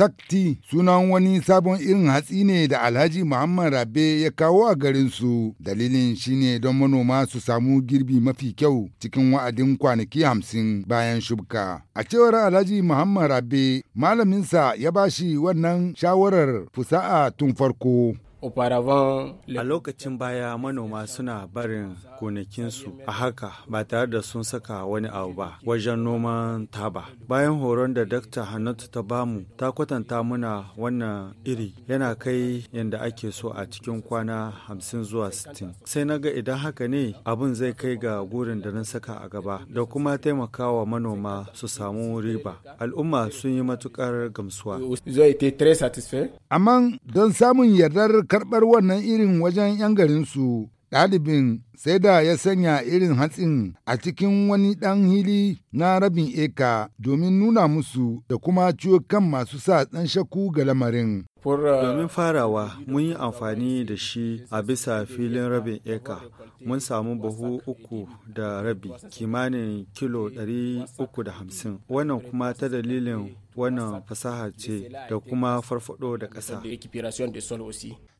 Sakti sunan wani sabon irin hatsi ne da Alhaji Muhammad Rabe ya kawo a garinsu. Dalilin shine don manoma su samu girbi mafi kyau cikin wa'adin kwanaki hamsin bayan shubka. A cewar Alhaji Muhammad Rabe, malaminsa ya bashi wannan shawarar fusa'a tun farko. A lokacin baya manoma suna barin gonakinsu a haka ba tare da sun saka wani abu ba wajen noman taba. Bayan horon da Dr. Hannatu ta bamu ta kwatanta muna wannan iri yana kai yadda ake so a cikin kwana 50 zuwa 60. Sai na ga idan haka ne abin zai kai ga gurin da na saka a gaba da kuma taimakawa manoma su samu riba. Al'umma sun yi matukar gamsuwa. Amma don samun yardar karɓar wannan irin wajen 'yan garinsu. Ɗalibin sai da ya sanya irin hatsin a cikin wani ɗan hili na rabin eka domin nuna musu da kuma ciwo kan masu sa ɗan shakku ga lamarin. Domin farawa mun yi amfani da shi a bisa filin rabin eka mun samu buhu uku da rabi kimanin kilo 350 wannan kuma ta dalilin wannan fasaha ce da kuma farfado da ƙasa.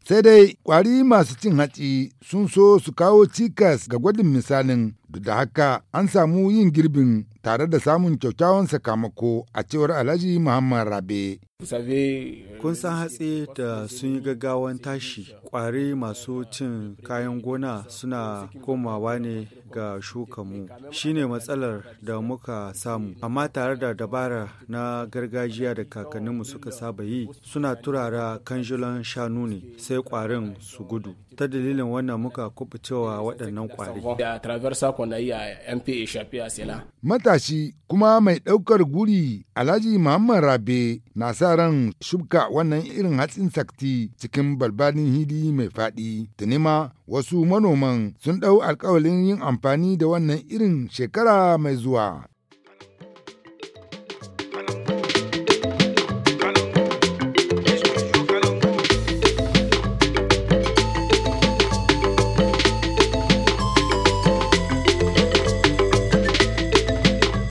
Sai dai kwari masu cin hatsi sun so su kawo cikas ga gwadin misalin Duk da haka an samu yin girbin tare da samun kyakkyawan sakamako a cewar Alhaji Muhammad Rabe. Kun san hatsi da sun yi gaggawan tashi kwari masu cin kayan gona suna komawa ne ga shukanmu shine matsalar da muka samu amma tare da dabara na gargajiya da kakanninmu suka saba yi suna turara kanjulan shanu ne sai ƙwarin su gudu ta dalilin wannan muka kubucewa waɗannan ƙwari matashi kuma mai ɗaukar guri alhaji muhammad rabe na sa ran shuka wannan irin hatsin sakti cikin balbalin hili mai faɗi. Tuni ma wasu manoman sun ɗau alkawalin yin amfani da wannan irin shekara mai zuwa.